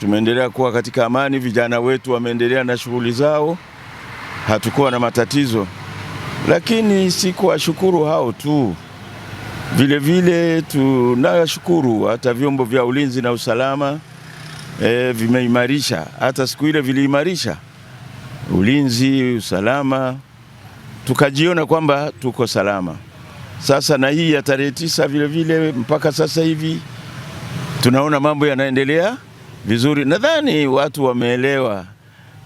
tumeendelea kuwa katika amani, vijana wetu wameendelea na shughuli zao, hatukuwa na matatizo. Lakini si kuwashukuru hao tu, vilevile tunashukuru hata vyombo vya ulinzi na usalama e, vimeimarisha. Hata siku ile viliimarisha ulinzi, usalama, tukajiona kwamba tuko salama. Sasa na hii ya tarehe tisa vilevile, mpaka sasa hivi tunaona mambo yanaendelea vizuri. Nadhani watu wameelewa.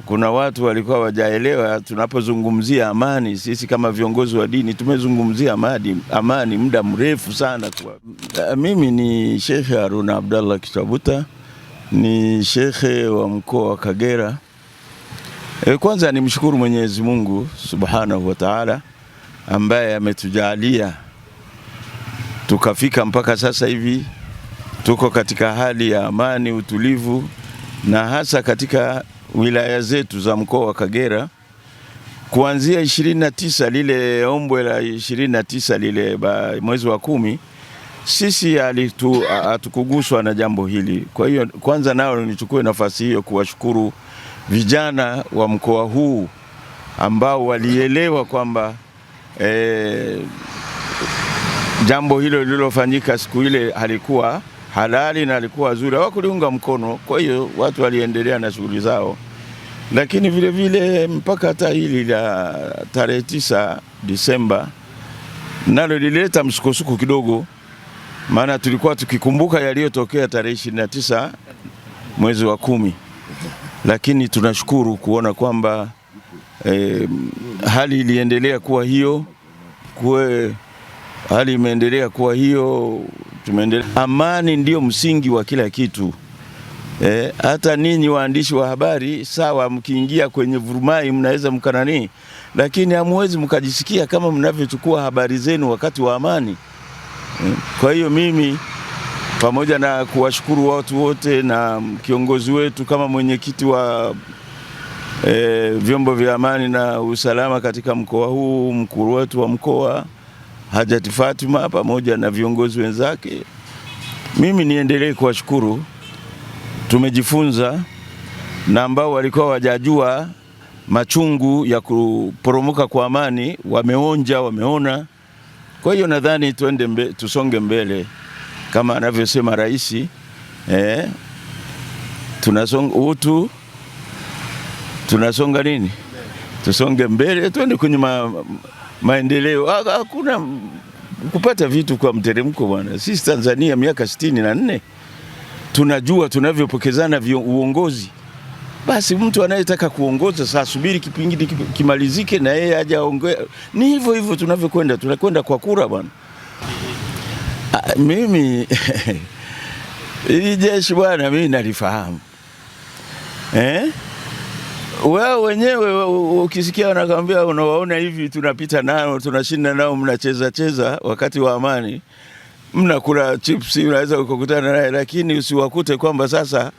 Kuna watu walikuwa wajaelewa. Tunapozungumzia amani, sisi kama viongozi wa dini tumezungumzia amani, amani muda mrefu sana. Kwa ah, mimi ni Shekhe Haruna Abdallah Kitabuta, ni shekhe wa mkoa wa Kagera. E, kwanza nimshukuru Mwenyezi Mungu Subhanahu wa Ta'ala ambaye ametujalia tukafika mpaka sasa hivi tuko katika hali ya amani, utulivu na hasa katika wilaya zetu za mkoa wa Kagera kuanzia 29 lile ombwe la 29 lile mwezi wa kumi, sisi hatukuguswa na jambo hili. Kwa hiyo kwanza, nao nichukue nafasi hiyo kuwashukuru vijana wa mkoa huu ambao walielewa kwamba e, jambo hilo lililofanyika siku ile halikuwa halali na alikuwa zuri, hawakuliunga mkono. Kwa hiyo watu waliendelea na shughuli zao, lakini vilevile vile mpaka hata hili la tarehe tisa Disemba nalo lilileta msukosuko kidogo, maana tulikuwa tukikumbuka yaliyotokea tarehe ishirini na tisa mwezi wa kumi, lakini tunashukuru kuona kwamba eh, hali iliendelea kuwa hiyo kuwe hali imeendelea kuwa hiyo tumeendelea. Amani ndio msingi wa kila kitu. Eh, hata ninyi waandishi wa habari sawa, mkiingia kwenye vurumai mnaweza mkananii, lakini hamwezi mkajisikia kama mnavyochukua habari zenu wakati wa amani. eh. kwa hiyo mimi pamoja na kuwashukuru watu wote na kiongozi wetu kama mwenyekiti wa e, vyombo vya amani na usalama katika mkoa huu, mkuu wetu wa mkoa Hajati Fatima pamoja na viongozi wenzake. Mimi niendelee kuwashukuru, tumejifunza na ambao walikuwa wajajua machungu ya kuporomoka kwa amani wameonja, wameona. Kwa hiyo nadhani tuende mbe, tusonge mbele kama anavyosema rais eh, tunasonga utu, tunasonga nini, tusonge mbele, tuende kwenye maendeleo, hakuna kupata vitu kwa mteremko bwana. Sisi Tanzania miaka sitini na nne tunajua tunavyopokezana uongozi. Basi mtu anayetaka kuongoza saa subiri kipindi kimalizike na yeye aje aongee. Ni hivyo hivyo tunavyokwenda, tunakwenda kwa kura bwana. Ah, mimi ili jeshi bwana, mimi nalifahamu eh? wao wenyewe ukisikia wanakwambia unawaona hivi, tunapita nao tunashinda nao, mnacheza cheza, wakati wa amani mnakula chipsi, unaweza kukutana naye, lakini usiwakute kwamba sasa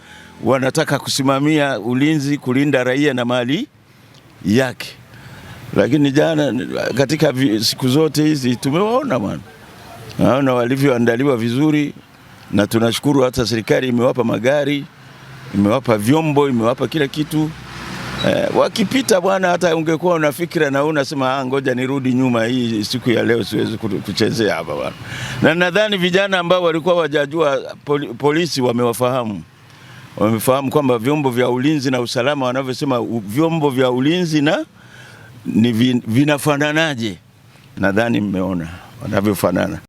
wanataka kusimamia ulinzi, kulinda raia na mali yake. Lakini jana katika siku zote hizi tumewaona bwana, naona walivyoandaliwa vizuri, na tunashukuru hata serikali imewapa magari, imewapa vyombo, imewapa kila kitu. Eh, wakipita bwana, hata ungekuwa unafikira na unasema ah, ngoja nirudi nyuma, hii siku ya leo siwezi kuchezea hapa bwana. Na nadhani vijana ambao walikuwa wajajua polisi wamewafahamu, wamefahamu kwamba vyombo vya ulinzi na usalama wanavyosema vyombo vya ulinzi na ni vinafananaje, nadhani mmeona wanavyofanana.